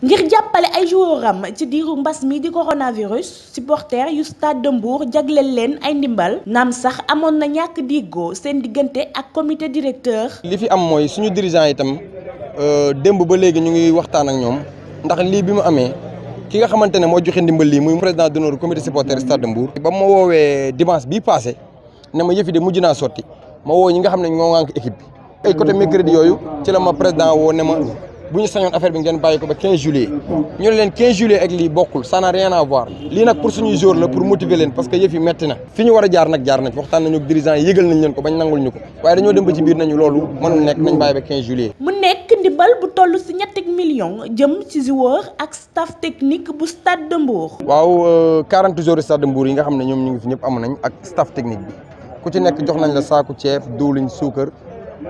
ngir jappalé ay joueuram ci diru mbass mi di coronavirus supporter yu stade de Mbour jagleel len ay ndimbal nam sax amon na ñak diggoo sen digënté ak comité directeur. li fi am moy suñu dirigeant itam euh, demb ba légui ñu ngi waxtaan ak ñom ndax li bi mu ki nga xamantene mo joxe ndimbal li muy président d'honneur comité supporter stade de Mbour. ba mo wowe dimanche bi passé né ma yëfi de mujj sorti ma wo ñi nga xamné ñoo ngank équipe ay côté mercredi yoyu ci la ma président wo né ma. bu ñu sañoon affaire bi ngeen bàyyi ko ba 15 juillet ñu ne leen 15 juillet ak lii bokkul ça n'a rien à voir lii nag pour suñuy jour la pour motiver leen parce que yëf yi metti na fi ñu war a jaar nag jaar nañ waxtaan nañu ak dirigeant yi yëgal nañ leen ko bañ nangul ñu ko waaye dañoo dem ba ci biir nañu loolu mënul nekk nañ bàyyi ba 15 juillet mu nekk ndimbal bu toll si ñetti million jëm ci joueur ak staff technique bu stade de Mbour waaw 40 euh, jours stade de Mbour yi nga xam ne ñoom ñu ngi fi ñëpp am ak staff technique bi ku ci nekk jox nañ la saaku ceeb diwlin suukar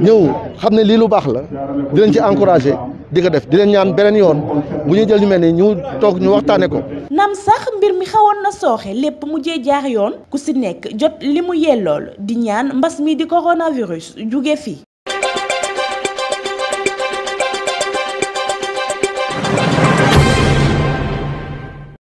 ñëw xam ne lii lu baax la di leen ci encouragé di ko def di leen ñaan beneen yoon bu ñuy jël ñu mel ni ñu toog ñu waxtaane ko nam sax mbir mi xawoon na sooxe lépp mujjee jaar yoon ku si nekk jot li mu yellool di ñaan mbas mi di coronavirus jóge fi